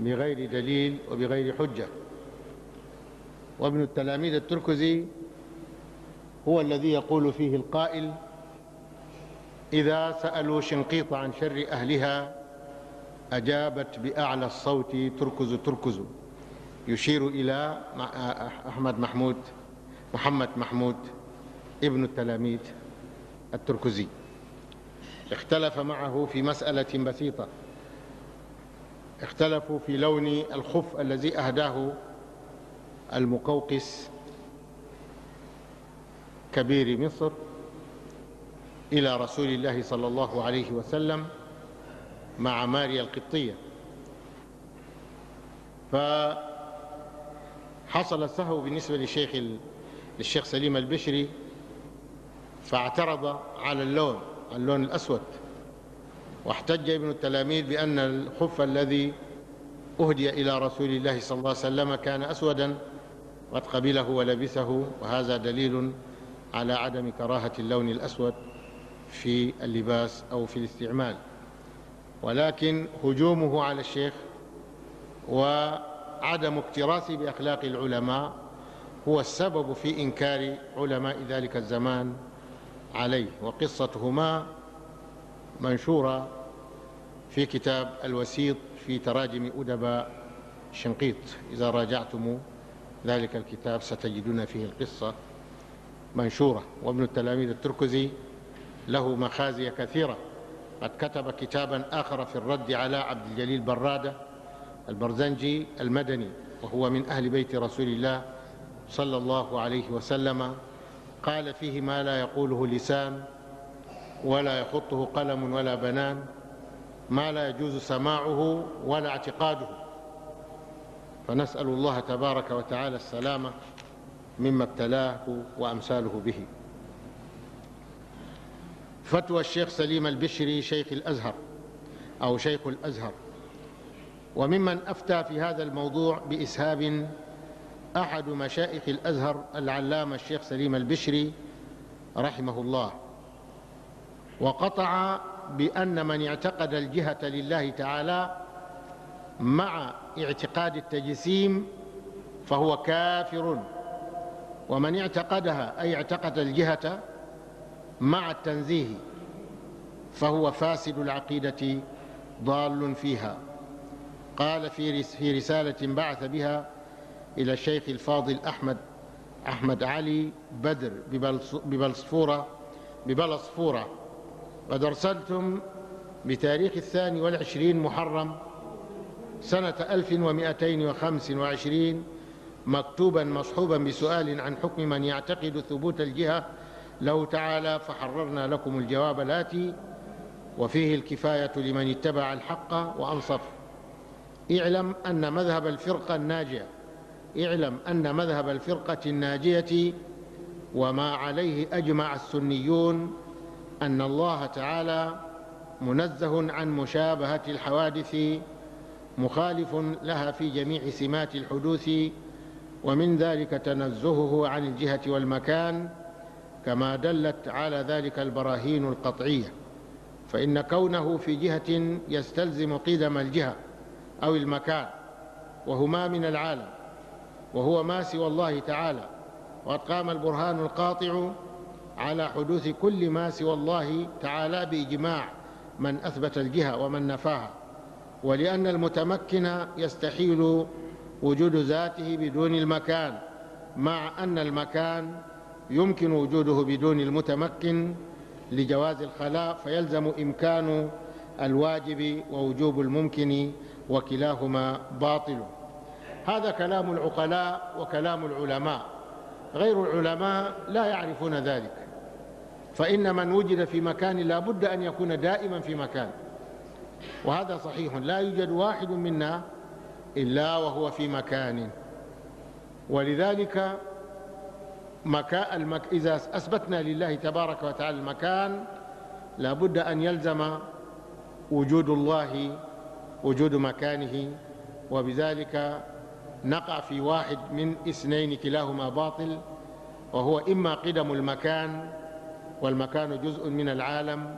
بغير دليل وبغير حجة وابن التلاميذ التركزي هو الذي يقول فيه القائل إذا سألوا شنقيط عن شر أهلها أجابت بأعلى الصوت تركز تركز يشير إلى أحمد محمود محمد محمود ابن التلاميذ التركزي اختلف معه في مسألة بسيطة اختلفوا في لون الخف الذي أهداه المقوقس كبير مصر إلى رسول الله صلى الله عليه وسلم مع ماريا القبطية فحصل السهو بالنسبة للشيخ للشيخ سليم البشري فاعترض على اللون اللون الأسود واحتج ابن التلاميذ بأن الخف الذي أهدي إلى رسول الله صلى الله عليه وسلم كان أسودا قد قبله ولبسه وهذا دليل على عدم كراهة اللون الأسود في اللباس أو في الاستعمال ولكن هجومه على الشيخ وعدم اكتراثه بأخلاق العلماء هو السبب في إنكار علماء ذلك الزمان عليه وقصتهما منشورة في كتاب الوسيط في تراجم أدباء شنقيط إذا راجعتم ذلك الكتاب ستجدون فيه القصة منشورة وابن التلاميذ التركزي له مخازي كثيرة قد كتب كتابا آخر في الرد على عبد الجليل برادة البرزنجي المدني وهو من أهل بيت رسول الله صلى الله عليه وسلم قال فيه ما لا يقوله لسان ولا يخطه قلم ولا بنان ما لا يجوز سماعه ولا اعتقاده فنسأل الله تبارك وتعالى السلامة مما ابتلاه وأمثاله به فتوى الشيخ سليم البشري شيخ الأزهر أو شيخ الأزهر وممن أفتى في هذا الموضوع بإسهاب أحد مشائخ الأزهر العلامة الشيخ سليم البشري رحمه الله وقطع بأن من اعتقد الجهة لله تعالى مع اعتقاد التجسيم فهو كافر ومن اعتقدها أي اعتقد الجهة مع التنزيه فهو فاسد العقيدة ضال فيها قال في رسالة بعث بها إلى الشيخ الفاضل أحمد أحمد علي بدر ببلصفورة ببلصفورة قد أرسلتم بتاريخ الثاني والعشرين محرم سنة 1225 مكتوبا مصحوبا بسؤال عن حكم من يعتقد ثبوت الجهة له تعالى فحررنا لكم الجواب الآتي وفيه الكفاية لمن اتبع الحق وأنصف اعلم أن مذهب الفرقة الناجية اعلم أن مذهب الفرقة الناجية وما عليه أجمع السنيون أن الله تعالى منزه عن مشابهة الحوادث مخالف لها في جميع سمات الحدوث ومن ذلك تنزهه عن الجهة والمكان كما دلت على ذلك البراهين القطعية فإن كونه في جهة يستلزم قدم الجهة أو المكان وهما من العالم وهو ما سوى الله تعالى وقد قام البرهان القاطع على حدوث كل ما سوى الله تعالى بإجماع من أثبت الجهة ومن نفاها ولأن المتمكن يستحيل وجود ذاته بدون المكان مع أن المكان يمكن وجوده بدون المتمكن لجواز الخلاء فيلزم إمكان الواجب ووجوب الممكن وكلاهما باطل هذا كلام العقلاء وكلام العلماء غير العلماء لا يعرفون ذلك فإن من وجد في مكان لا بد أن يكون دائما في مكان وهذا صحيح لا يوجد واحد منا إلا وهو في مكان ولذلك مكاء المك... إذا أثبتنا لله تبارك وتعالى المكان لا بد أن يلزم وجود الله وجود مكانه وبذلك نقع في واحد من اثنين كلاهما باطل وهو إما قدم المكان والمكان جزء من العالم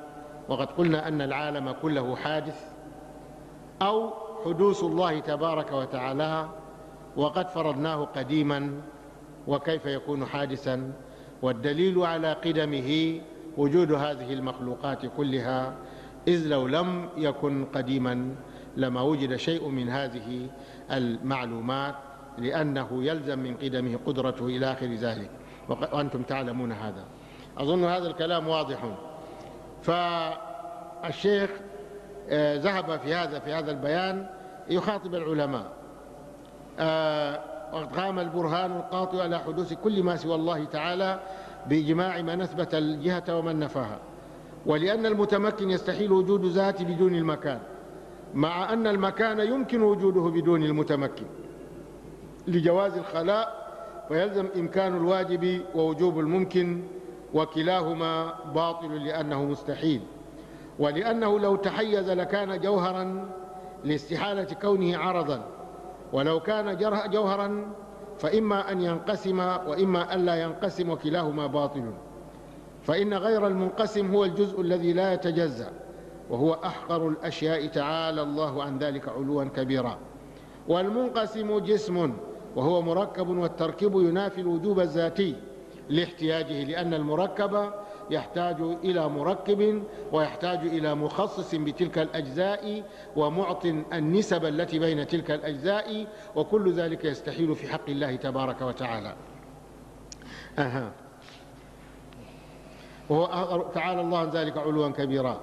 وقد قلنا أن العالم كله حادث أو حدوث الله تبارك وتعالى وقد فرضناه قديما وكيف يكون حادثا والدليل على قدمه وجود هذه المخلوقات كلها إذ لو لم يكن قديما لما وجد شيء من هذه المعلومات لأنه يلزم من قدمه قدرته إلى آخر ذلك وأنتم تعلمون هذا أظن هذا الكلام واضح فالشيخ آه، ذهب في هذا في هذا البيان يخاطب العلماء آه، وقد قام البرهان القاطع على حدوث كل ما سوى الله تعالى بإجماع من أثبت الجهة ومن نفاها ولأن المتمكن يستحيل وجود ذاته بدون المكان مع أن المكان يمكن وجوده بدون المتمكن لجواز الخلاء ويلزم إمكان الواجب ووجوب الممكن وكلاهما باطل لأنه مستحيل ولأنه لو تحيز لكان جوهرا لاستحالة كونه عرضا ولو كان جوهرا فإما أن ينقسم وإما أن لا ينقسم وكلاهما باطل فإن غير المنقسم هو الجزء الذي لا يتجزأ وهو أحقر الأشياء تعالى الله عن ذلك علوا كبيرا والمنقسم جسم وهو مركب والتركيب ينافي الوجوب الذاتي لاحتياجه لأن المركب يحتاج إلى مركب ويحتاج إلى مخصص بتلك الأجزاء ومعط النسب التي بين تلك الأجزاء وكل ذلك يستحيل في حق الله تبارك وتعالى أها وهو تعالى الله عن ذلك علوا كبيرا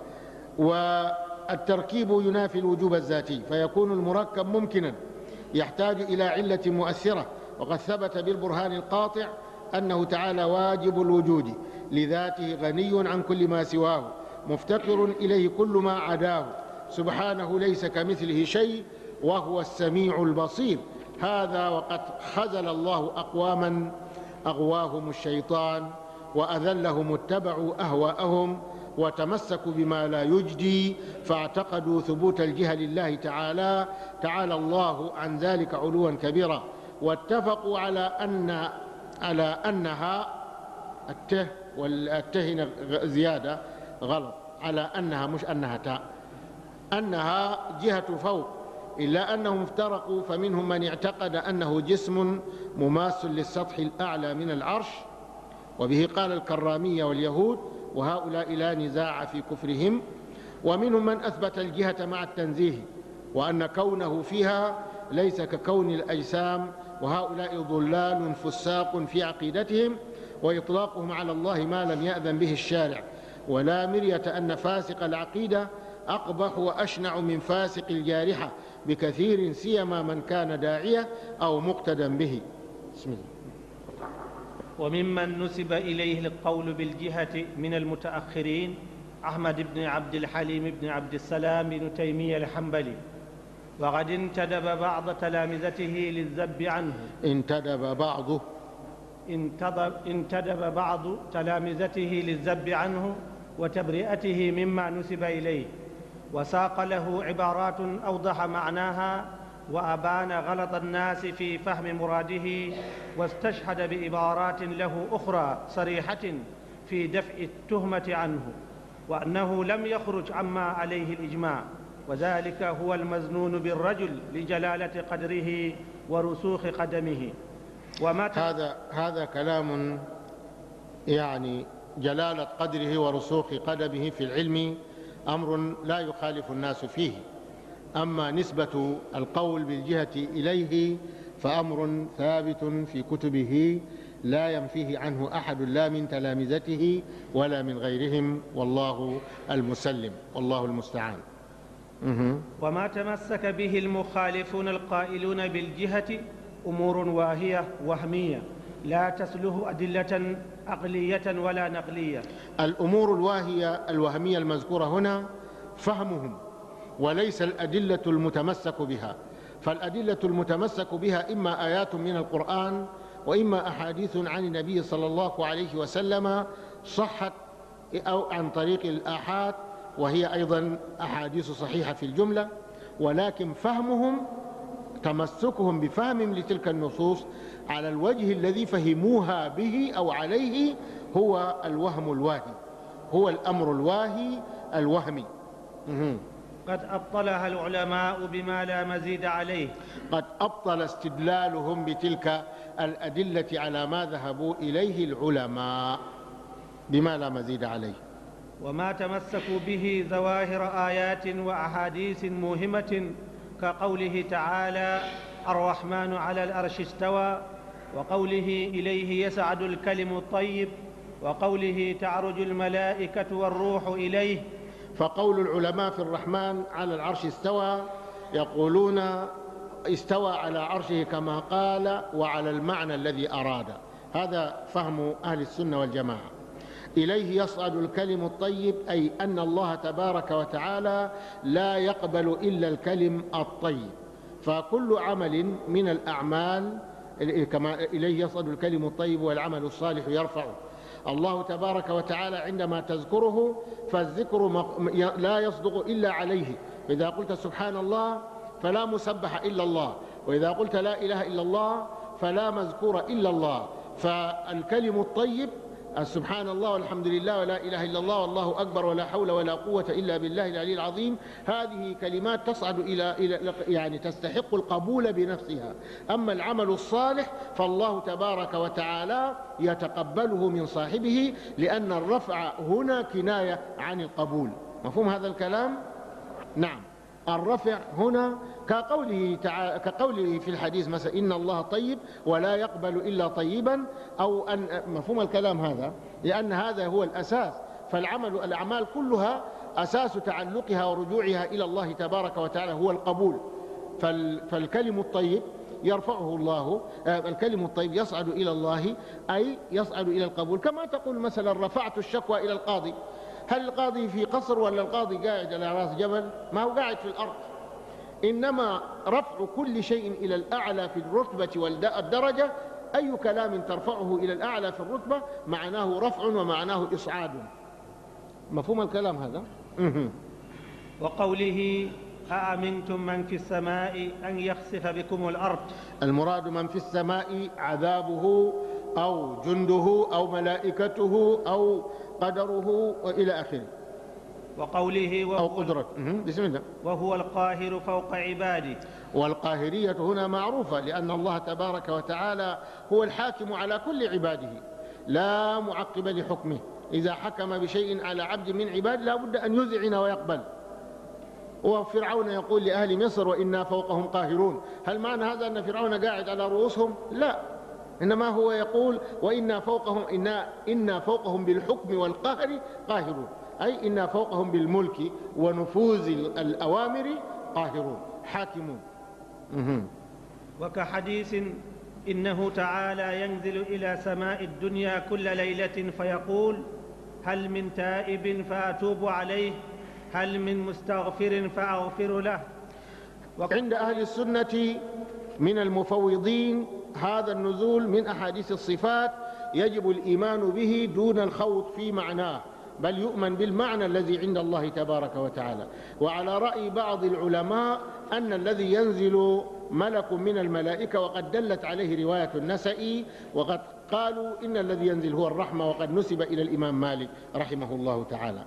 والتركيب ينافي الوجوب الذاتي فيكون المركب ممكنا يحتاج إلى علة مؤثرة وقد ثبت بالبرهان القاطع أنه تعالى واجب الوجود لذاته غني عن كل ما سواه مفتقر إليه كل ما عداه سبحانه ليس كمثله شيء وهو السميع البصير هذا وقد خذل الله أقواما أغواهم الشيطان وأذلهم اتبعوا أهواءهم وتمسكوا بما لا يجدي فاعتقدوا ثبوت الجهة لله تعالى تعالى الله عن ذلك علوا كبيرا واتفقوا على أن على أنها الته والته هنا زيادة غلط على أنها مش أنها تاء أنها جهة فوق إلا أنهم افترقوا فمنهم من اعتقد أنه جسم مماس للسطح الأعلى من العرش وبه قال الكرامية واليهود وهؤلاء لا نزاع في كفرهم ومنهم من أثبت الجهة مع التنزيه وأن كونه فيها ليس ككون الأجسام وهؤلاء ضلال فساق في عقيدتهم وإطلاقهم على الله ما لم يأذن به الشارع ولا مرية أن فاسق العقيدة أقبح وأشنع من فاسق الجارحة بكثير سيما من كان داعية أو مقتدا به بسم الله وممن نسب إليه القول بالجهة من المتأخرين أحمد بن عبد الحليم بن عبد السلام بن تيمية الحنبلي وقد انتدب بعض تلامذته للذب عنه انتدب بعضه انتدب, انتدب بعض تلامذته للذب عنه وتبرئته مما نسب إليه وساق له عبارات أوضح معناها وأبان غلط الناس في فهم مراده واستشهد بعبارات له أخرى صريحة في دفع التهمة عنه وأنه لم يخرج عما عليه الإجماع وذلك هو المزنون بالرجل لجلالة قدره ورسوخ قدمه ومتى هذا هذا كلام يعني جلالة قدره ورسوخ قدمه في العلم أمر لا يخالف الناس فيه أما نسبة القول بالجهة إليه فأمر ثابت في كتبه لا ينفيه عنه أحد لا من تلامذته ولا من غيرهم والله المسلم والله المستعان وما تمسك به المخالفون القائلون بالجهة أمور واهية وهمية لا تسله أدلة عقلية ولا نقلية الأمور الواهية الوهمية المذكورة هنا فهمهم وليس الأدلة المتمسك بها فالأدلة المتمسك بها إما آيات من القرآن وإما أحاديث عن النبي صلى الله عليه وسلم صحت أو عن طريق الآحاد وهي أيضا أحاديث صحيحة في الجملة ولكن فهمهم تمسكهم بفهم لتلك النصوص على الوجه الذي فهموها به أو عليه هو الوهم الواهي هو الأمر الواهي الوهمي قد أبطلها العلماء بما لا مزيد عليه قد أبطل استدلالهم بتلك الأدلة على ما ذهبوا إليه العلماء بما لا مزيد عليه وما تمسكوا به ظواهر ايات واحاديث موهمه كقوله تعالى الرحمن على الارش استوى وقوله اليه يسعد الكلم الطيب وقوله تعرج الملائكه والروح اليه فقول العلماء في الرحمن على العرش استوى يقولون استوى على عرشه كما قال وعلى المعنى الذي اراد هذا فهم اهل السنه والجماعه إليه يصعد الكلم الطيب أي أن الله تبارك وتعالى لا يقبل إلا الكلم الطيب فكل عمل من الأعمال كما إليه يصعد الكلم الطيب والعمل الصالح يرفعه الله تبارك وتعالى عندما تذكره فالذكر لا يصدق إلا عليه إذا قلت سبحان الله فلا مسبح إلا الله وإذا قلت لا إله إلا الله فلا مذكور إلا الله فالكلم الطيب سبحان الله والحمد لله ولا إله إلا الله والله أكبر ولا حول ولا قوة إلا بالله العلي العظيم هذه كلمات تصعد إلى إلى يعني تستحق القبول بنفسها أما العمل الصالح فالله تبارك وتعالى يتقبله من صاحبه لأن الرفع هنا كناية عن القبول مفهوم هذا الكلام؟ نعم الرفع هنا كقوله, تعالى كقوله في الحديث مثلا إن الله طيب ولا يقبل إلا طيبا أو أن مفهوم الكلام هذا لأن هذا هو الأساس فالعمل الأعمال كلها أساس تعلقها ورجوعها إلى الله تبارك وتعالى هو القبول فالكلم الطيب يرفعه الله آه، الكلم الطيب يصعد إلى الله أي يصعد إلى القبول كما تقول مثلا رفعت الشكوى إلى القاضي هل القاضي في قصر ولا القاضي قاعد على راس جبل ما هو قاعد في الأرض إنما رفع كل شيء إلى الأعلى في الرتبة والدرجة أي كلام ترفعه إلى الأعلى في الرتبة معناه رفع ومعناه إصعاد مفهوم الكلام هذا وقوله أأمنتم من في السماء أن يخسف بكم الأرض المراد من في السماء عذابه أو جنده أو ملائكته أو قدره وإلى آخره وقوله وهو أو قدرة بسم الله وهو القاهر فوق عباده والقاهرية هنا معروفة لأن الله تبارك وتعالى هو الحاكم على كل عباده لا معقب لحكمه إذا حكم بشيء على عبد من عباد لا بد أن يذعن ويقبل وفرعون يقول لأهل مصر وإنا فوقهم قاهرون هل معنى هذا أن فرعون قاعد على رؤوسهم لا إنما هو يقول وإنا فوقهم, إنا, إنا فوقهم بالحكم والقهر قاهرون أي إنا فوقهم بالملك ونفوذ الأوامر قاهرون حاكمون وكحديث إنه تعالى ينزل إلى سماء الدنيا كل ليلة فيقول هل من تائب فأتوب عليه هل من مستغفر فأغفر له عند أهل السنة من المفوضين هذا النزول من أحاديث الصفات يجب الإيمان به دون الخوض في معناه بل يؤمن بالمعنى الذي عند الله تبارك وتعالى وعلى رأي بعض العلماء أن الذي ينزل ملك من الملائكة وقد دلت عليه رواية النسائي وقد قالوا إن الذي ينزل هو الرحمة وقد نسب إلى الإمام مالك رحمه الله تعالى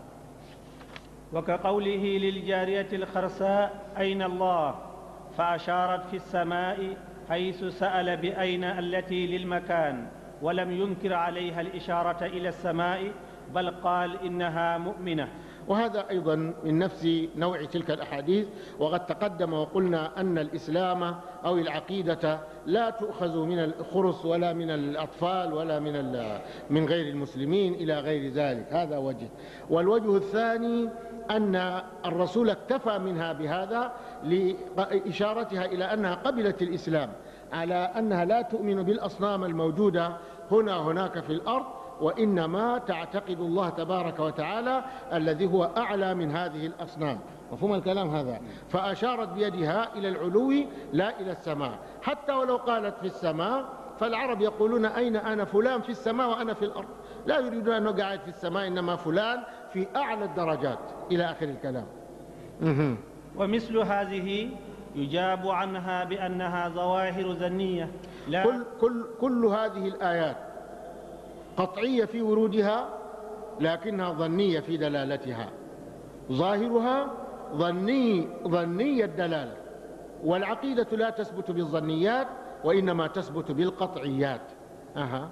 وكقوله للجارية الخرساء أين الله فأشارت في السماء حيث سأل بأين التي للمكان ولم ينكر عليها الإشارة إلى السماء بل قال إنها مؤمنة وهذا أيضا من نفس نوع تلك الأحاديث وقد تقدم وقلنا أن الإسلام أو العقيدة لا تؤخذ من الخرص ولا من الأطفال ولا من من غير المسلمين إلى غير ذلك هذا وجه والوجه الثاني أن الرسول اكتفى منها بهذا لإشارتها إلى أنها قبلت الإسلام على أنها لا تؤمن بالأصنام الموجودة هنا هناك في الأرض وإنما تعتقد الله تبارك وتعالى الذي هو أعلى من هذه الأصنام مفهوم الكلام هذا فأشارت بيدها إلى العلو لا إلى السماء حتى ولو قالت في السماء فالعرب يقولون أين أنا فلان في السماء وأنا في الأرض لا يريدون أنه قاعد في السماء إنما فلان في أعلى الدرجات إلى آخر الكلام ومثل هذه يجاب عنها بأنها ظواهر زنية لا كل, كل, كل هذه الآيات قطعية في ورودها لكنها ظنية في دلالتها ظاهرها ظني ظني الدلالة والعقيدة لا تثبت بالظنيات وإنما تثبت بالقطعيات أها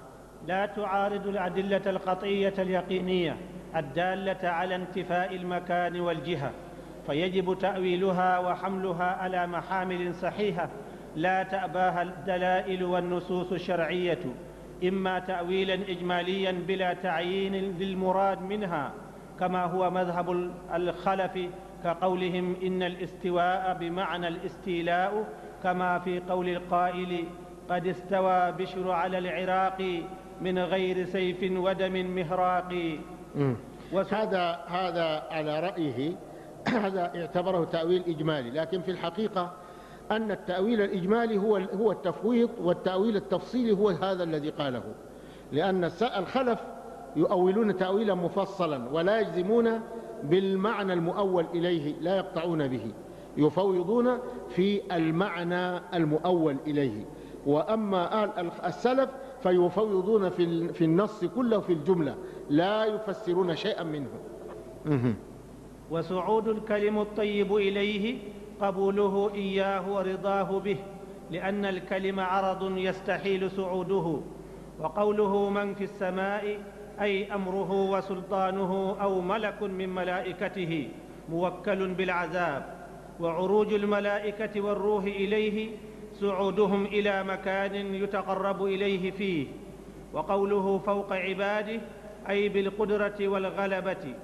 لا تعارض الأدلة القطعية اليقينية الدالة على انتفاء المكان والجهة فيجب تأويلها وحملها على محامل صحيحة لا تأباها الدلائل والنصوص الشرعية إما تأويلا إجماليا بلا تعيين للمراد منها كما هو مذهب الخلف كقولهم إن الاستواء بمعنى الاستيلاء كما في قول القائل قد استوى بشر على العراق من غير سيف ودم مهراق هذا هذا على رأيه هذا اعتبره تأويل إجمالي لكن في الحقيقة أن التأويل الإجمالي هو هو التفويض والتأويل التفصيلي هو هذا الذي قاله لأن الخلف يؤولون تأويلا مفصلا ولا يجزمون بالمعنى المؤول إليه لا يقطعون به يفوضون في المعنى المؤول إليه وأما آل السلف فيفوضون في النص كله في الجملة لا يفسرون شيئا منه وسعود الكلم الطيب إليه قبوله إياه ورضاه به لأن الكلم عرض يستحيل سعوده وقوله من في السماء أي أمره وسلطانه أو ملك من ملائكته موكل بالعذاب وعروج الملائكة والروح إليه سعودهم إلى مكان يتقرب إليه فيه وقوله فوق عباده أي بالقدرة والغلبة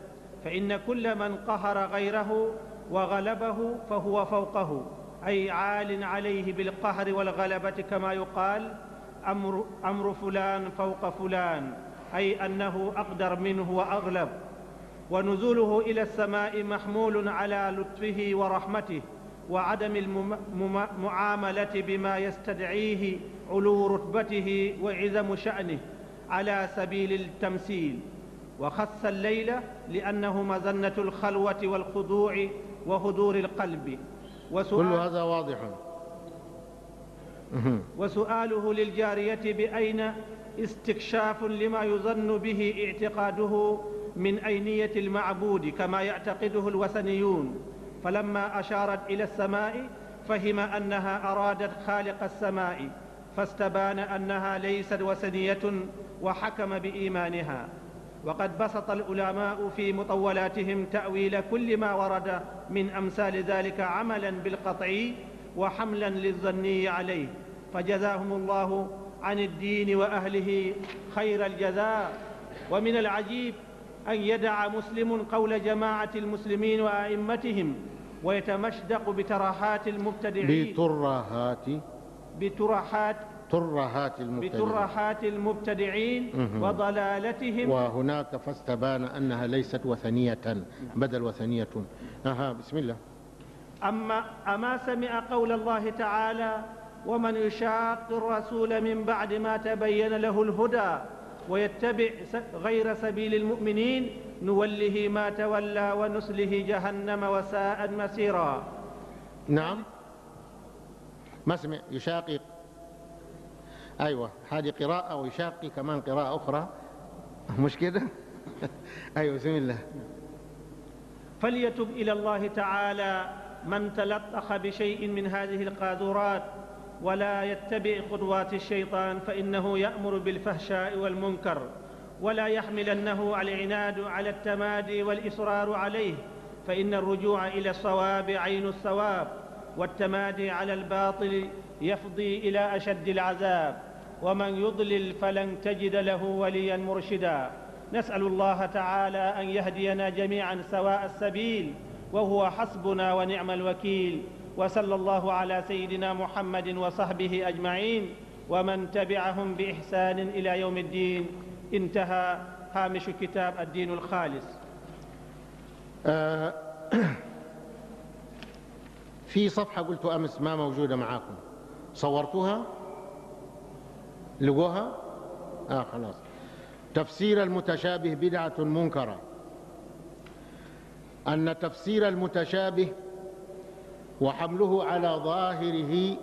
فإن كل من قهر غيره وغلبه فهو فوقه أي عال عليه بالقهر والغلبة كما يقال أمر, أمر فلان فوق فلان أي أنه أقدر منه وأغلب ونزوله إلى السماء محمول على لطفه ورحمته وعدم المعاملة بما يستدعيه علو رتبته وعزم شأنه على سبيل التمثيل وخص الليل لأنه مزنة الخلوة والخضوع وهدور القلب كل هذا واضح وسؤاله للجارية بأين استكشاف لما يظن به اعتقاده من أينية المعبود كما يعتقده الوثنيون فلما أشارت إلى السماء فهم أنها أرادت خالق السماء فاستبان أنها ليست وثنية وحكم بإيمانها وقد بسط العلماء في مطولاتهم تأويل كل ما ورد من أمثال ذلك عملا بالقطعي وحملا للظني عليه فجزاهم الله عن الدين وأهله خير الجزاء ومن العجيب أن يدع مسلم قول جماعة المسلمين وأئمتهم ويتمشدق بترهات المبتدعين بترهات بترهات بترهات المبتدعين بترهات المبتدعين وضلالتهم وهناك فاستبان أنها ليست وثنية بدل وثنية أها بسم الله أما أما سمع قول الله تعالى ومن يشاق الرسول من بعد ما تبين له الهدى ويتبع غير سبيل المؤمنين نوله ما تولى ونسله جهنم وساءت مسيرا نعم ما سمع يشاقق أيوة هذه قراءة وشاقي كمان قراءة أخرى مش كده أيوة بسم الله فليتب إلى الله تعالى من تلطخ بشيء من هذه القاذورات ولا يتبع خطوات الشيطان فإنه يأمر بالفحشاء والمنكر ولا يحملنه العناد على التمادي والإصرار عليه فإن الرجوع إلى الصواب عين الثواب والتمادي على الباطل يفضي إلى أشد العذاب ومن يضلل فلن تجد له وليا مرشدا نسال الله تعالى ان يهدينا جميعا سواء السبيل وهو حسبنا ونعم الوكيل وصلى الله على سيدنا محمد وصحبه اجمعين ومن تبعهم باحسان الى يوم الدين انتهى هامش كتاب الدين الخالص آه، في صفحه قلت امس ما موجوده معاكم صورتها لقوها آه خلاص تفسير المتشابه بدعة منكرة أن تفسير المتشابه وحمله على ظاهره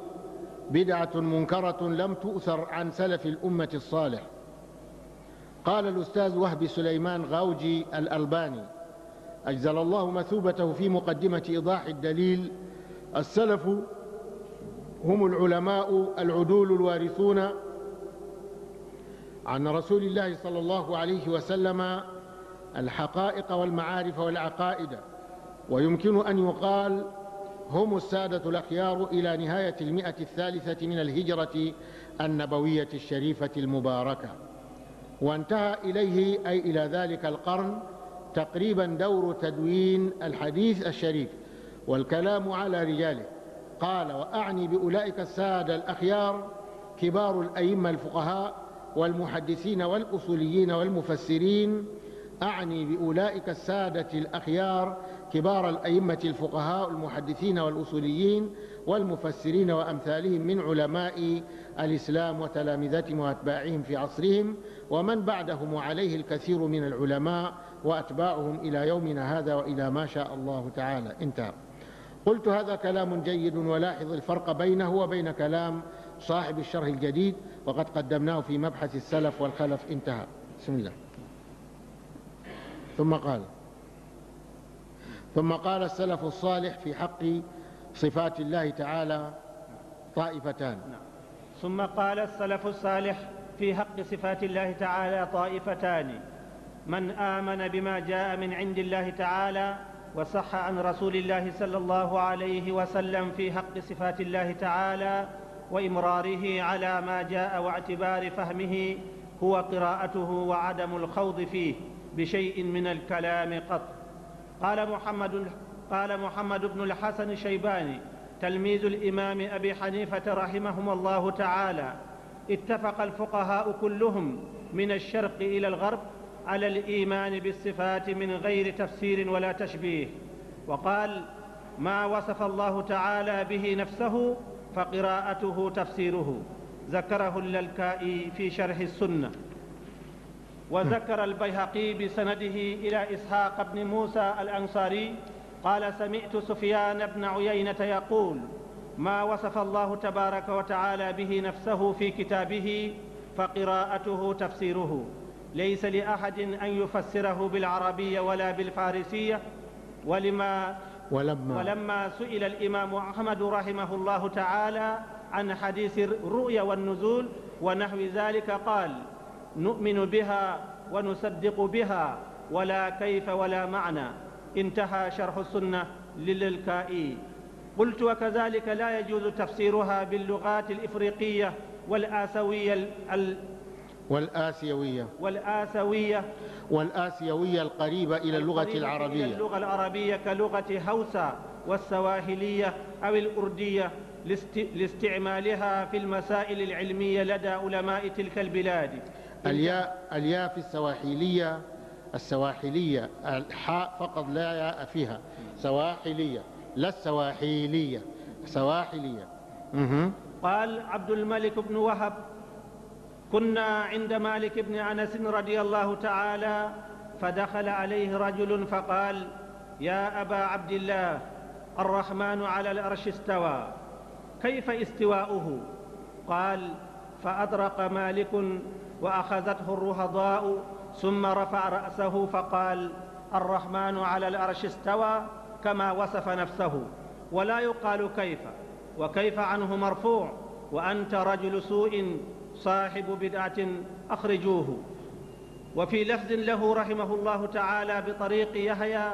بدعة منكرة لم تؤثر عن سلف الأمة الصالح قال الأستاذ وهبي سليمان غاوجي الألباني أجزل الله مثوبته في مقدمة إيضاح الدليل السلف هم العلماء العدول الوارثون عن رسول الله صلى الله عليه وسلم الحقائق والمعارف والعقائد ويمكن أن يقال هم السادة الأخيار إلى نهاية المئة الثالثة من الهجرة النبوية الشريفة المباركة وانتهى إليه أي إلى ذلك القرن تقريبا دور تدوين الحديث الشريف والكلام على رجاله قال وأعني بأولئك السادة الأخيار كبار الأئمة الفقهاء والمحدثين والأصوليين والمفسرين أعني بأولئك السادة الأخيار كبار الأئمة الفقهاء المحدثين والأصوليين والمفسرين وأمثالهم من علماء الإسلام وتلامذتهم وأتباعهم في عصرهم ومن بعدهم وعليه الكثير من العلماء وأتباعهم إلى يومنا هذا وإلى ما شاء الله تعالى انتهى قلت هذا كلام جيد ولاحظ الفرق بينه وبين كلام صاحب الشرح الجديد وقد قدمناه في مبحث السلف والخلف انتهى بسم الله ثم قال ثم قال السلف الصالح في حق صفات الله تعالى طائفتان نعم. ثم قال السلف الصالح في حق صفات الله تعالى طائفتان من آمن بما جاء من عند الله تعالى وصح عن رسول الله صلى الله عليه وسلم في حق صفات الله تعالى وامراره على ما جاء واعتبار فهمه هو قراءته وعدم الخوض فيه بشيء من الكلام قط قال محمد قال محمد بن الحسن الشيباني تلميذ الامام ابي حنيفه رحمهما الله تعالى اتفق الفقهاء كلهم من الشرق الى الغرب على الايمان بالصفات من غير تفسير ولا تشبيه وقال ما وصف الله تعالى به نفسه فقراءته تفسيره ذكره للكائي في شرح السنة وذكر البيهقي بسنده إلى إسحاق بن موسى الأنصاري قال سمعت سفيان بن عيينة يقول ما وصف الله تبارك وتعالى به نفسه في كتابه فقراءته تفسيره ليس لأحد أن يفسره بالعربية ولا بالفارسية ولما ولما ولما سئل الإمام أحمد رحمه الله تعالى عن حديث الرؤيا والنزول ونحو ذلك قال نؤمن بها ونصدق بها ولا كيف ولا معنى انتهى شرح السنة للالكائي قلت وكذلك لا يجوز تفسيرها باللغات الإفريقية والآسوية والآسيوية والآسيوية والآسيوية القريبة إلى اللغة العربية إلى اللغة العربية كلغة هوسا والسواهلية أو الأردية لاستعمالها في المسائل العلمية لدى علماء تلك البلاد الياء الياء في السواحلية السواحلية الحاء فقط لا ياء فيها سواحلية لا السواحيلية سواحلية قال عبد الملك بن وهب كنا عند مالك بن انس رضي الله تعالى فدخل عليه رجل فقال يا ابا عبد الله الرحمن على الارش استوى كيف استواؤه قال فادرك مالك واخذته الرهضاء ثم رفع راسه فقال الرحمن على الارش استوى كما وصف نفسه ولا يقال كيف وكيف عنه مرفوع وانت رجل سوء صاحب بدعة أخرجوه وفي لفظ له رحمه الله تعالى بطريق يحيى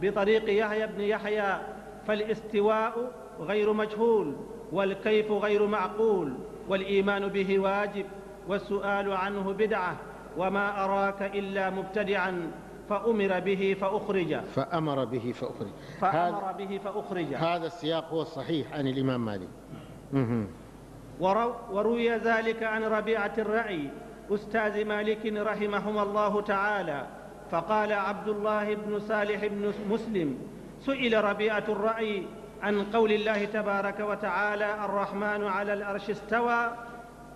بطريق يحيى بن يحيى فالاستواء غير مجهول والكيف غير معقول والإيمان به واجب والسؤال عنه بدعة وما أراك إلا مبتدعا فأمر به فأخرج فأمر به فأخرج فأمر به فأخرج هذا السياق هو الصحيح عن الإمام مالك وروي ذلك عن ربيعة الرعي أستاذ مالك رحمهما الله تعالى فقال عبد الله بن صالح بن مسلم سئل ربيعة الرعي عن قول الله تبارك وتعالى الرحمن على الأرش استوى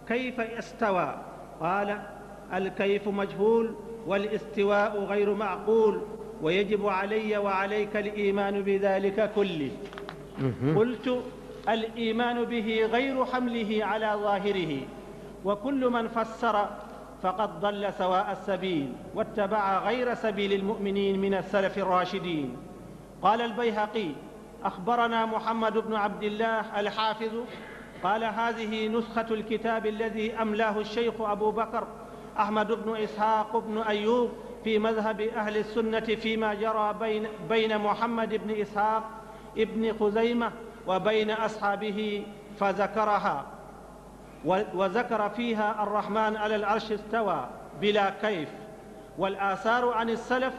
كيف استوى قال الكيف مجهول والاستواء غير معقول ويجب علي وعليك الإيمان بذلك كله قلت الايمان به غير حمله على ظاهره وكل من فسر فقد ضل سواء السبيل واتبع غير سبيل المؤمنين من السلف الراشدين قال البيهقي اخبرنا محمد بن عبد الله الحافظ قال هذه نسخه الكتاب الذي املاه الشيخ ابو بكر احمد بن اسحاق بن ايوب في مذهب اهل السنه فيما جرى بين, بين محمد بن اسحاق ابن خزيمه وبين أصحابه فذكرها وذكر فيها الرحمن على العرش استوى بلا كيف والآثار عن السلف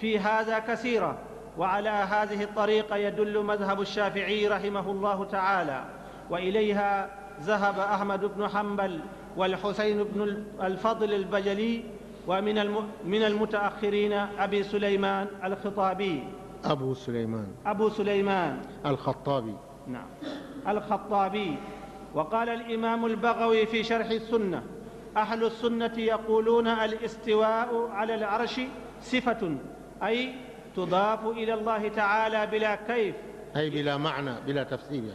في هذا كثيرة وعلى هذه الطريقة يدل مذهب الشافعي رحمه الله تعالى وإليها ذهب أحمد بن حنبل والحسين بن الفضل البجلي ومن من المتأخرين أبي سليمان الخطابي أبو سليمان أبو سليمان الخطابي نعم الخطابي وقال الإمام البغوي في شرح السنة أهل السنة يقولون الاستواء على العرش صفة أي تضاف إلى الله تعالى بلا كيف أي بلا معنى بلا تفسير يعني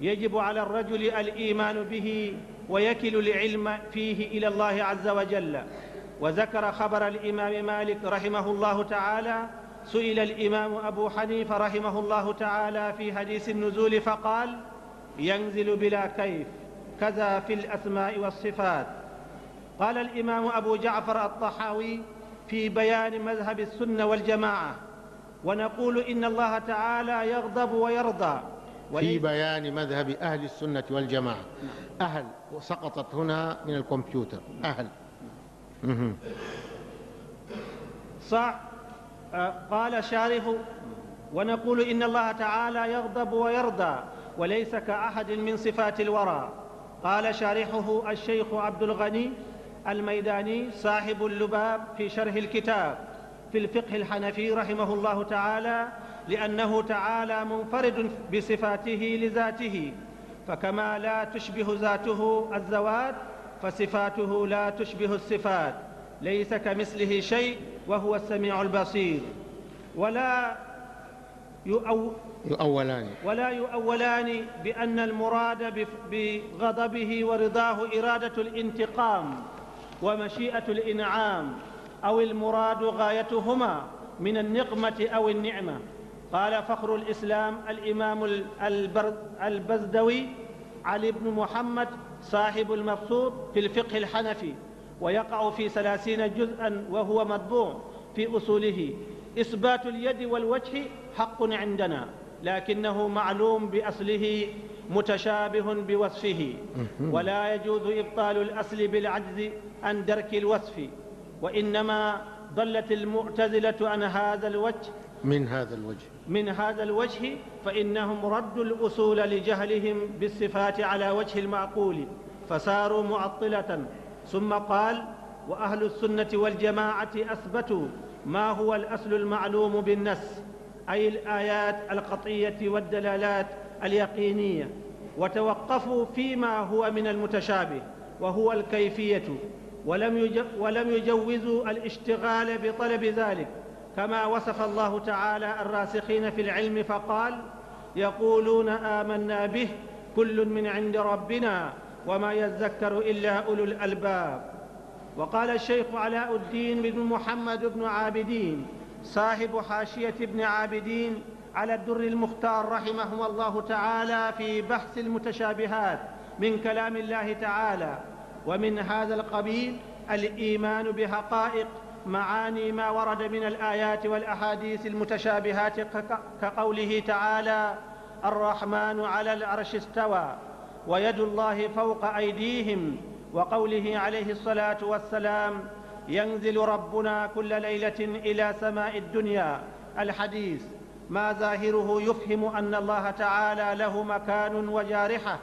يجب على الرجل الإيمان به ويكل العلم فيه إلى الله عز وجل وذكر خبر الإمام مالك رحمه الله تعالى سئل الامام ابو حنيفه رحمه الله تعالى في حديث النزول فقال ينزل بلا كيف كذا في الاسماء والصفات قال الامام ابو جعفر الطحاوي في بيان مذهب السنه والجماعه ونقول ان الله تعالى يغضب ويرضى في بيان مذهب اهل السنه والجماعه اهل وسقطت هنا من الكمبيوتر اهل صح آه، قال شارح ونقول إن الله تعالى يغضب ويرضى وليس كأحد من صفات الورى قال شارحه الشيخ عبد الغني الميداني صاحب اللباب في شرح الكتاب في الفقه الحنفي رحمه الله تعالى لأنه تعالى منفرد بصفاته لذاته فكما لا تشبه ذاته الذوات فصفاته لا تشبه الصفات ليس كمثله شيء وهو السميع البصير ولا يؤولان ولا يؤولان بأن المراد بغضبه ورضاه إرادة الانتقام ومشيئة الإنعام أو المراد غايتهما من النقمة أو النعمة قال فخر الإسلام الإمام البزدوي علي بن محمد صاحب المبسوط في الفقه الحنفي ويقع في ثلاثين جزءا وهو مطبوع في أصوله إثبات اليد والوجه حق عندنا لكنه معلوم بأصله متشابه بوصفه ولا يجوز إبطال الأصل بالعجز عن درك الوصف وإنما ضلت المعتزلة عن هذا الوجه من هذا الوجه من هذا الوجه فإنهم ردوا الأصول لجهلهم بالصفات على وجه المعقول فصاروا معطلة ثم قال وأهل السنة والجماعة أثبتوا ما هو الأصل المعلوم بالنس أي الآيات القطعية والدلالات اليقينية وتوقفوا فيما هو من المتشابه وهو الكيفية ولم, ولم يجوزوا الاشتغال بطلب ذلك كما وصف الله تعالى الراسخين في العلم فقال يقولون آمنا به كل من عند ربنا وما يذكر إلا أولو الألباب وقال الشيخ علاء الدين بن محمد بن عابدين صاحب حاشية ابن عابدين على الدر المختار رحمه الله تعالى في بحث المتشابهات من كلام الله تعالى ومن هذا القبيل الإيمان بحقائق معاني ما ورد من الآيات والأحاديث المتشابهات كقوله تعالى الرحمن على العرش استوى ويد الله فوق ايديهم وقوله عليه الصلاه والسلام ينزل ربنا كل ليله الى سماء الدنيا الحديث ما ظاهره يفهم ان الله تعالى له مكان وجارحه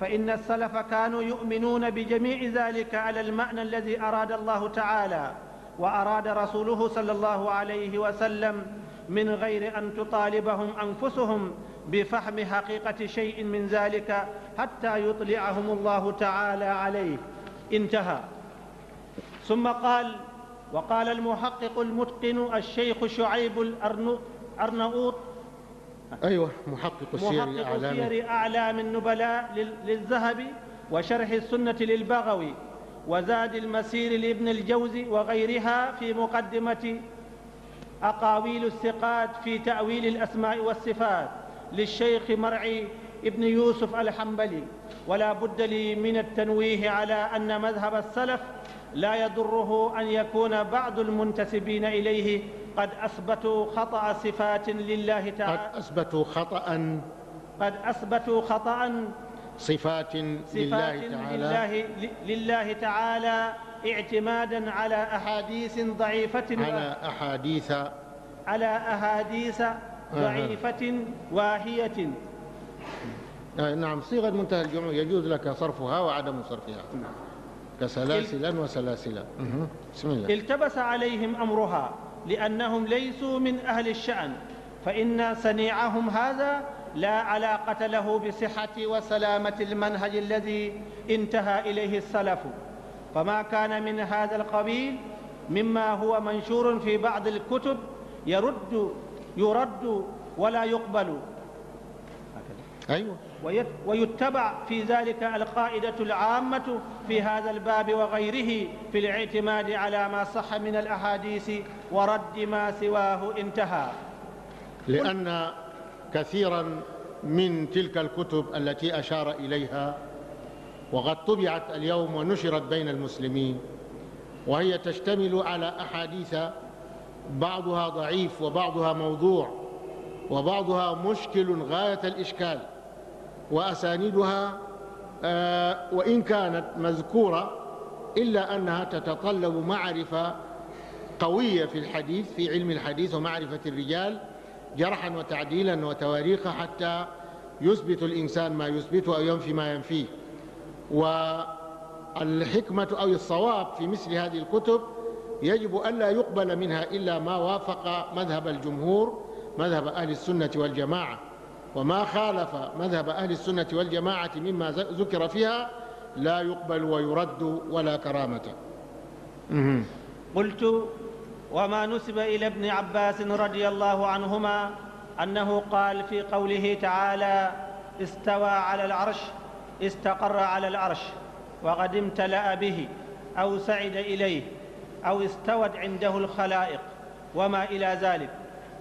فان السلف كانوا يؤمنون بجميع ذلك على المعنى الذي اراد الله تعالى واراد رسوله صلى الله عليه وسلم من غير ان تطالبهم انفسهم بفهم حقيقة شيء من ذلك حتى يطلعهم الله تعالى عليه انتهى ثم قال وقال المحقق المتقن الشيخ شعيب الأرنؤوط أيوة محقق السير سير أعلام النبلاء للذهبي وشرح السنة للبغوي وزاد المسير لابن الجوزي وغيرها في مقدمة أقاويل الثقات في تأويل الأسماء والصفات للشيخ مرعي ابن يوسف الحنبلي ولا بد لي من التنويه على أن مذهب السلف لا يضره أن يكون بعض المنتسبين إليه قد أثبتوا خطأ صفات لله تعالى قد أثبتوا خطأ قد أثبتوا خطأ صفات, صفات لله تعالى لله, لله تعالى اعتمادا على أحاديث ضعيفة على أحاديث على أحاديث آه، آه. ضعيفة واهية آه، نعم صيغة منتهى الجمع يجوز لك صرفها وعدم صرفها نعم. كسلاسلا وسلاسلا بسم الله التبس عليهم أمرها لأنهم ليسوا من أهل الشأن فإن صنيعهم هذا لا علاقة له بصحة وسلامة المنهج الذي انتهى إليه السلف فما كان من هذا القبيل مما هو منشور في بعض الكتب يرد يرد ولا يقبل أيوة ويتبع في ذلك القاعدة العامة في هذا الباب وغيره في الاعتماد على ما صح من الأحاديث ورد ما سواه انتهى لأن كثيرا من تلك الكتب التي أشار إليها وقد طبعت اليوم ونشرت بين المسلمين وهي تشتمل على أحاديث بعضها ضعيف وبعضها موضوع وبعضها مشكل غاية الإشكال وأسانيدها آه، وإن كانت مذكورة إلا أنها تتطلب معرفة قوية في الحديث في علم الحديث ومعرفة الرجال جرحا وتعديلا وتواريخ حتى يثبت الإنسان ما يثبته أو ينفي ما ينفيه والحكمة أو الصواب في مثل هذه الكتب يجب ألا يقبل منها إلا ما وافق مذهب الجمهور مذهب أهل السنة والجماعة وما خالف مذهب أهل السنة والجماعة مما ذكر فيها لا يقبل ويرد ولا كرامة قلت وما نسب إلى ابن عباس رضي الله عنهما أنه قال في قوله تعالى استوى على العرش استقر على العرش وقد امتلأ به أو سعد إليه أو استوت عنده الخلائق وما إلى ذلك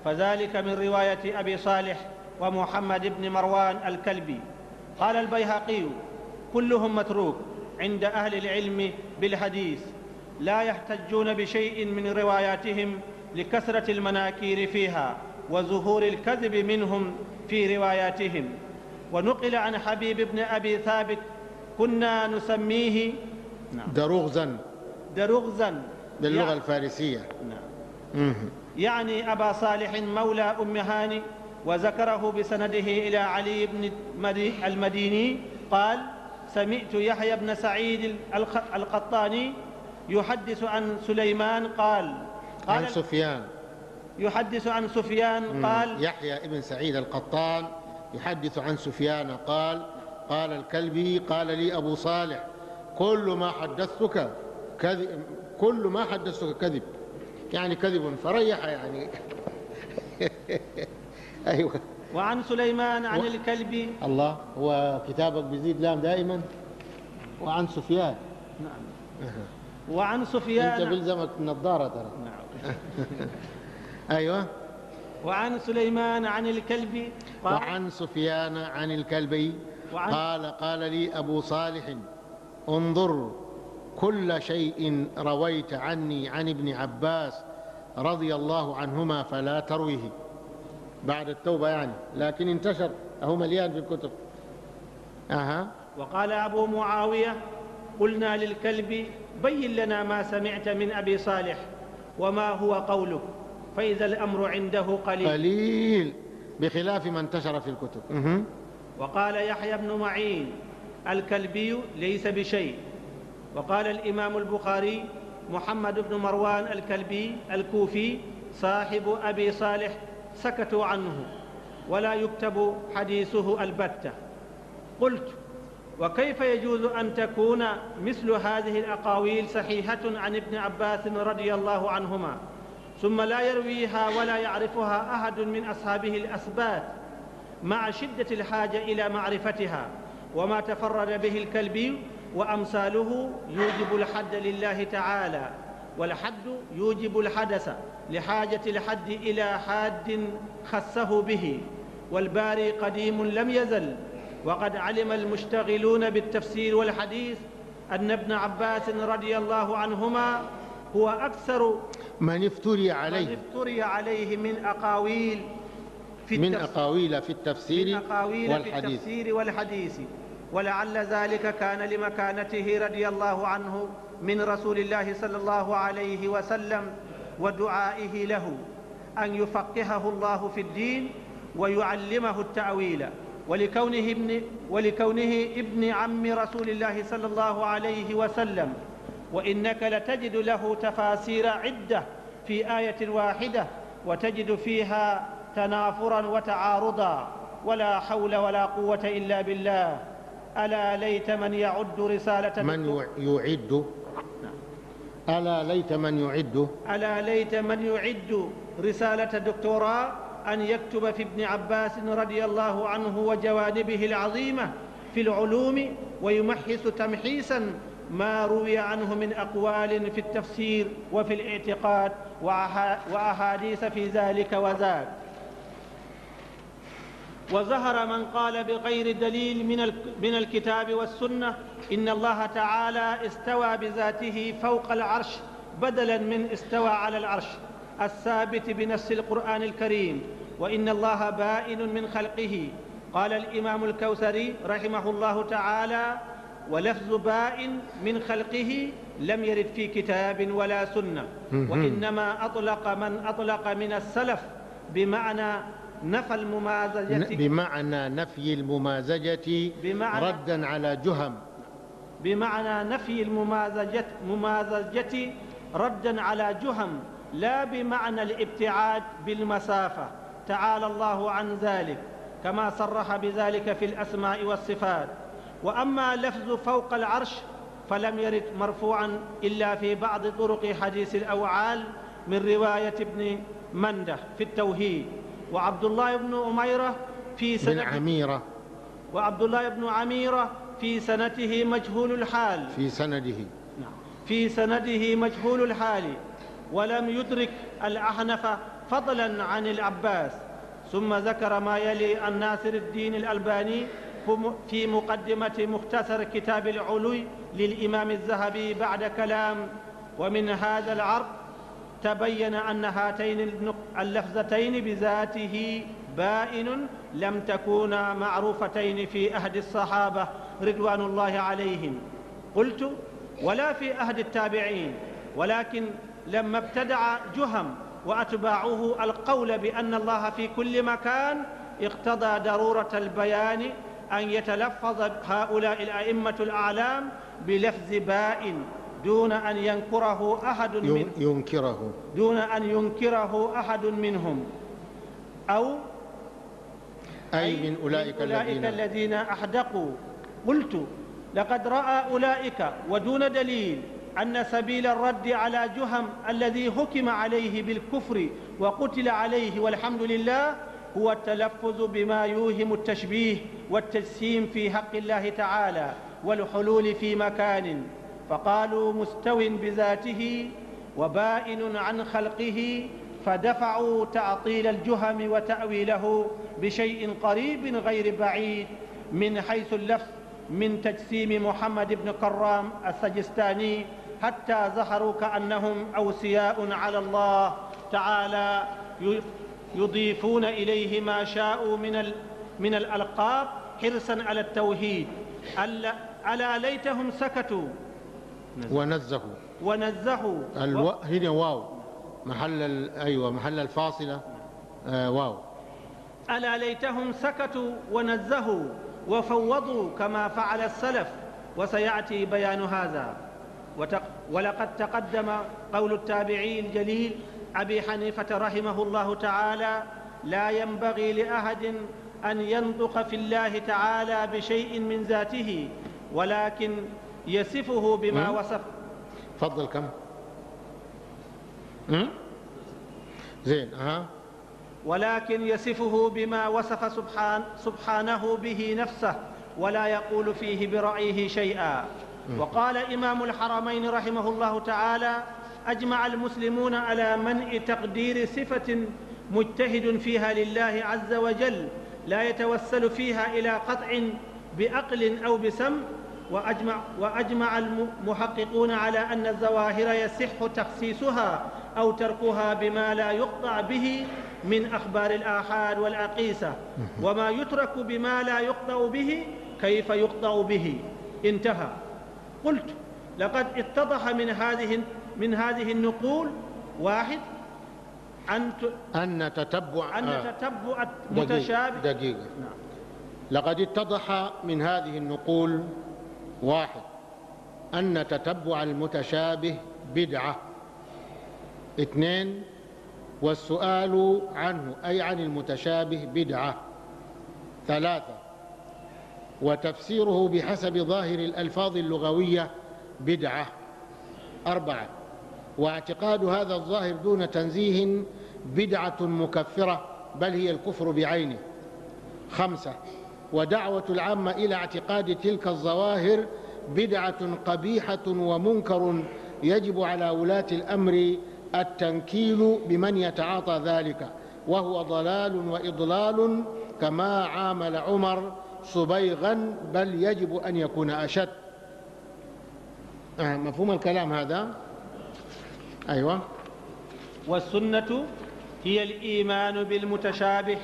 فذلك من رواية أبي صالح ومحمد بن مروان الكلبي قال البيهقي كلهم متروك عند أهل العلم بالحديث لا يحتجون بشيء من رواياتهم لكثرة المناكير فيها وظهور الكذب منهم في رواياتهم ونقل عن حبيب بن أبي ثابت كنا نسميه دروغزا دروغزا باللغة يعني الفارسية نعم يعني أبا صالح مولى أم هاني وذكره بسنده إلى علي بن المديني قال سمعت يحيى بن سعيد القطاني يحدث عن سليمان قال قال عن سفيان يحدث عن سفيان قال يحيى بن سعيد القطان يحدث عن سفيان قال قال الكلبي قال لي أبو صالح كل ما حدثتك كذب كل ما حدثتك كذب يعني كذب فريح يعني أيوة وعن سليمان عن و... الكلب الله هو كتابك بيزيد لام دائما وعن سفيان نعم وعن سفيان انت بلزمك النظاره ترى نعم ايوه وعن سليمان عن الكلب قال وعن سفيان عن الكلبي وعن قال قال لي ابو صالح انظر كل شيء رويت عني عن ابن عباس رضي الله عنهما فلا ترويه بعد التوبة يعني لكن انتشر أهو مليان في الكتب أها وقال أبو معاوية قلنا للكلب بين لنا ما سمعت من أبي صالح وما هو قولك فإذا الأمر عنده قليل قليل بخلاف ما انتشر في الكتب وقال يحيى بن معين الكلبي ليس بشيء وقال الإمام البخاري محمد بن مروان الكلبي الكوفي صاحب أبي صالح سكتوا عنه ولا يكتب حديثه البتة قلت وكيف يجوز أن تكون مثل هذه الأقاويل صحيحة عن ابن عباس رضي الله عنهما ثم لا يرويها ولا يعرفها أحد من أصحابه الاثبات مع شدة الحاجة إلى معرفتها وما تفرد به الكلبي وأمثاله يوجب الحد لله تعالى والحد يوجب الحدث لحاجة الحد إلى حاد خصه به والباري قديم لم يزل وقد علم المشتغلون بالتفسير والحديث أن ابن عباس رضي الله عنهما هو أكثر من افتري عليه من افتري عليه من أقاويل في من أقاويل في التفسير من أقاويل والحديث في التفسير والحديث ولعل ذلك كان لمكانته رضي الله عنه من رسول الله صلى الله عليه وسلم ودعائه له أن يفقهه الله في الدين ويعلمه التأويل ولكونه ابن, ولكونه ابن عم رسول الله صلى الله عليه وسلم وإنك لتجد له تفاسير عدة في آية واحدة وتجد فيها تنافرا وتعارضا ولا حول ولا قوة إلا بالله ألا ليت من يعد رسالة من يعد ألا ليت من يعد ألا ليت من يعد رسالة دكتوراه أن يكتب في ابن عباس رضي الله عنه وجوانبه العظيمة في العلوم ويمحص تمحيصا ما روي عنه من أقوال في التفسير وفي الاعتقاد وأحاديث في ذلك وذاك وظهر من قال بغير دليل من من الكتاب والسنه ان الله تعالى استوى بذاته فوق العرش بدلا من استوى على العرش الثابت بنفس القران الكريم وان الله بائن من خلقه قال الامام الكوثري رحمه الله تعالى ولفظ بائن من خلقه لم يرد في كتاب ولا سنه وانما اطلق من اطلق من السلف بمعنى نفى الممازجة بمعنى نفي الممازجة بمعنى ردا على جهم بمعنى نفي الممازجة ممازجة ردا على جهم لا بمعنى الابتعاد بالمسافة تعالى الله عن ذلك كما صرح بذلك في الأسماء والصفات وأما لفظ فوق العرش فلم يرد مرفوعا إلا في بعض طرق حديث الأوعال من رواية ابن منده في التوحيد وعبد الله بن أميرة في سنة بن عميرة وعبد الله بن عميرة في سنته مجهول الحال في سنده نعم في سنده مجهول الحال ولم يدرك الأحنف فضلا عن العباس ثم ذكر ما يلي عن ناصر الدين الألباني في مقدمة مختصر كتاب العلوي للإمام الذهبي بعد كلام ومن هذا العرض تبين أن هاتين اللفظتين بذاته بائن لم تكونا معروفتين في عهد الصحابة رضوان الله عليهم قلت ولا في عهد التابعين ولكن لما ابتدع جهم وأتباعه القول بأن الله في كل مكان اقتضى ضرورة البيان أن يتلفظ هؤلاء الأئمة الأعلام بلفظ بائن دون أن ينكره أحد من ينكره دون أن ينكره أحد منهم أو أي من أولئك, من أولئك الذين, الذين أحدقوا قلت لقد رأى أولئك ودون دليل أن سبيل الرد على جهم الذي حكم عليه بالكفر وقتل عليه والحمد لله هو التلفظ بما يوهم التشبيه والتجسيم في حق الله تعالى والحلول في مكان فقالوا مستو بذاته وبائن عن خلقه فدفعوا تعطيل الجهم وتأويله بشيء قريب غير بعيد من حيث اللفظ من تجسيم محمد بن كرام السجستاني حتى ظهروا كأنهم أوسياء على الله تعالى يضيفون إليه ما شاءوا من من الألقاب حرصا على التوحيد ألا ليتهم سكتوا ونزهوا ونزهوا الو... هنا واو محل ال... أيوة محل الفاصلة آه واو ألا ليتهم سكتوا ونزهوا وفوضوا كما فعل السلف وسيأتي بيان هذا وتق... ولقد تقدم قول التابعي الجليل أبي حنيفة رحمه الله تعالى لا ينبغي لأحد أن ينطق في الله تعالى بشيء من ذاته ولكن يصفه بما وصف فضل كم زين أه. ولكن يصفه بما وصف سبحان سبحانه به نفسه ولا يقول فيه برأيه شيئا وقال إمام الحرمين رحمه الله تعالى أجمع المسلمون على منع تقدير صفة مجتهد فيها لله عز وجل لا يتوسل فيها إلى قطع بأقل أو بسم وأجمع, وأجمع المحققون على أن الظواهر يصح تخصيصها أو تركها بما لا يقطع به من أخبار الآحاد والأقيسة وما يترك بما لا يقطع به كيف يقطع به انتهى قلت لقد اتضح من هذه من هذه النقول واحد أن أن تتبع أن آه. تتبع المتشابه دقيقة, دقيقة نعم لقد اتضح من هذه النقول واحد أن تتبع المتشابه بدعة اثنين والسؤال عنه أي عن المتشابه بدعة ثلاثة وتفسيره بحسب ظاهر الألفاظ اللغوية بدعة أربعة واعتقاد هذا الظاهر دون تنزيه بدعة مكفرة بل هي الكفر بعينه خمسة ودعوة العامة إلى اعتقاد تلك الظواهر بدعة قبيحة ومنكر يجب على ولاة الأمر التنكيل بمن يتعاطى ذلك وهو ضلال وإضلال كما عامل عمر صبيغا بل يجب أن يكون أشد آه، مفهوم الكلام هذا أيوة والسنة هي الإيمان بالمتشابه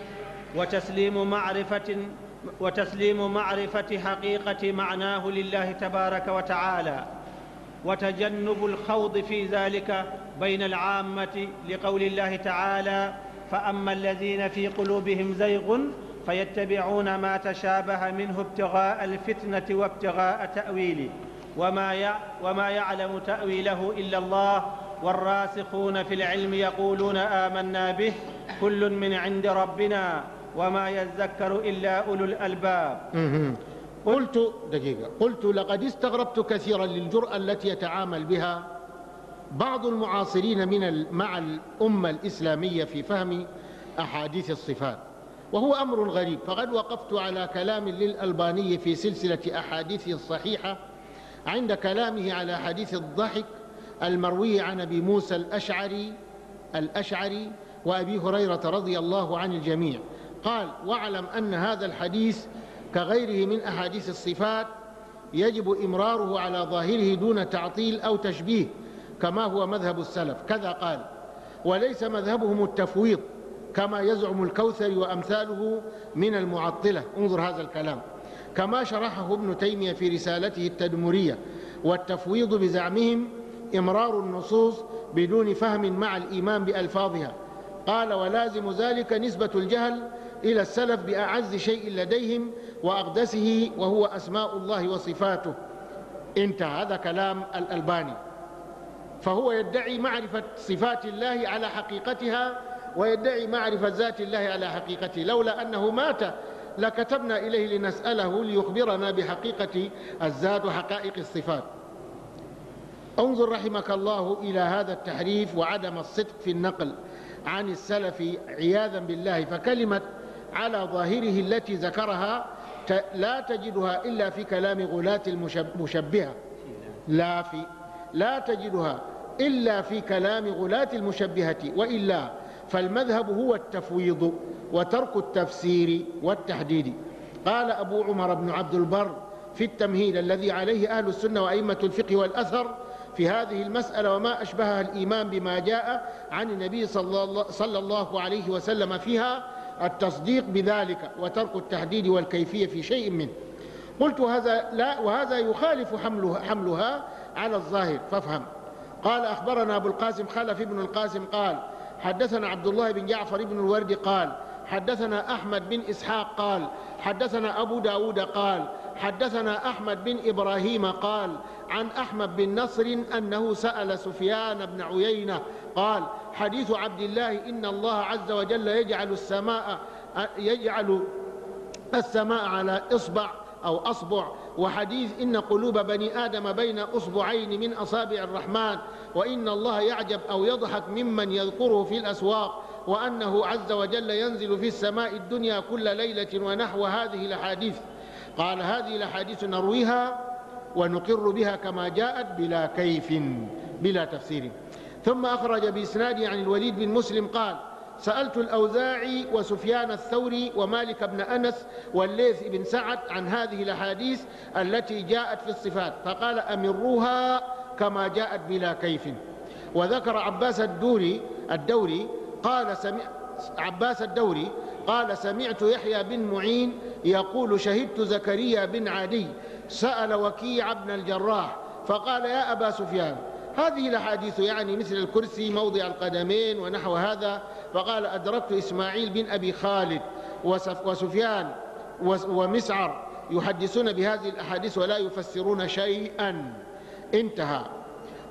وتسليم معرفة وتسليم معرفه حقيقه معناه لله تبارك وتعالى وتجنب الخوض في ذلك بين العامه لقول الله تعالى فاما الذين في قلوبهم زيغ فيتبعون ما تشابه منه ابتغاء الفتنه وابتغاء تاويله وما, وما يعلم تاويله الا الله والراسخون في العلم يقولون امنا به كل من عند ربنا وما يذكر إلا أولو الألباب قلت دقيقة قلت لقد استغربت كثيرا للجرأة التي يتعامل بها بعض المعاصرين من مع الأمة الإسلامية في فهم أحاديث الصفات وهو أمر غريب فقد وقفت على كلام للألباني في سلسلة أحاديثه الصحيحة عند كلامه على حديث الضحك المروي عن أبي موسى الأشعري الأشعري وأبي هريرة رضي الله عن الجميع قال واعلم أن هذا الحديث كغيره من أحاديث الصفات يجب إمراره على ظاهره دون تعطيل أو تشبيه كما هو مذهب السلف كذا قال وليس مذهبهم التفويض كما يزعم الكوثر وأمثاله من المعطلة انظر هذا الكلام كما شرحه ابن تيمية في رسالته التدمرية والتفويض بزعمهم إمرار النصوص بدون فهم مع الإيمان بألفاظها قال ولازم ذلك نسبة الجهل إلى السلف بأعز شيء لديهم وأقدسه وهو أسماء الله وصفاته انت هذا كلام الألباني فهو يدعي معرفة صفات الله على حقيقتها ويدعي معرفة ذات الله على حقيقته لولا أنه مات لكتبنا إليه لنسأله ليخبرنا بحقيقة الذات وحقائق الصفات انظر رحمك الله إلى هذا التحريف وعدم الصدق في النقل عن السلف عياذا بالله فكلمة على ظاهره التي ذكرها لا تجدها إلا في كلام غلاة المشبهة لا في لا تجدها إلا في كلام غلاة المشبهة وإلا فالمذهب هو التفويض وترك التفسير والتحديد قال أبو عمر بن عبد البر في التمهيد الذي عليه أهل السنة وأئمة الفقه والأثر في هذه المسألة وما أشبهها الإيمان بما جاء عن النبي صلى الله, صلى الله عليه وسلم فيها التصديق بذلك وترك التحديد والكيفية في شيء منه قلت هذا لا وهذا يخالف حملها, حملها على الظاهر فافهم قال أخبرنا أبو القاسم خلف بن القاسم قال حدثنا عبد الله بن جعفر بن الورد قال حدثنا أحمد بن إسحاق قال حدثنا أبو داود قال حدثنا أحمد بن إبراهيم قال عن أحمد بن نصر أنه سأل سفيان بن عيينة قال حديث عبد الله إن الله عز وجل يجعل السماء يجعل السماء على إصبع أو أصبع وحديث إن قلوب بني آدم بين أصبعين من أصابع الرحمن وإن الله يعجب أو يضحك ممن يذكره في الأسواق وأنه عز وجل ينزل في السماء الدنيا كل ليلة ونحو هذه الأحاديث قال هذه الأحاديث نرويها ونقر بها كما جاءت بلا كيف بلا تفسير ثم أخرج بإسناده عن الوليد بن مسلم قال سألت الأوزاعي وسفيان الثوري ومالك بن أنس والليث بن سعد عن هذه الأحاديث التي جاءت في الصفات فقال أمروها كما جاءت بلا كيف وذكر عباس الدوري الدوري قال سمع عباس الدوري قال سمعت يحيى بن معين يقول شهدت زكريا بن عدي سأل وكيع بن الجراح فقال يا أبا سفيان هذه الأحاديث يعني مثل الكرسي موضع القدمين ونحو هذا فقال أدركت إسماعيل بن أبي خالد وسفيان ومسعر يحدثون بهذه الأحاديث ولا يفسرون شيئا انتهى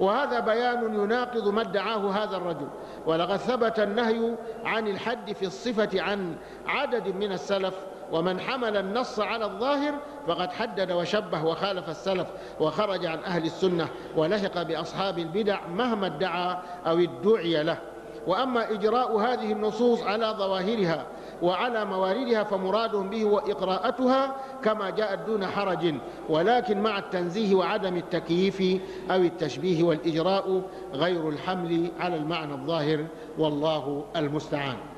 وهذا بيان يناقض ما ادعاه هذا الرجل ولقد ثبت النهي عن الحد في الصفة عن عدد من السلف ومن حمل النص على الظاهر فقد حدد وشبه وخالف السلف وخرج عن أهل السنة ولحق بأصحاب البدع مهما ادعى أو ادعي له وأما إجراء هذه النصوص على ظواهرها وعلى مواردها فمرادهم به وإقراءتها كما جاءت دون حرج ولكن مع التنزيه وعدم التكييف أو التشبيه والإجراء غير الحمل على المعنى الظاهر والله المستعان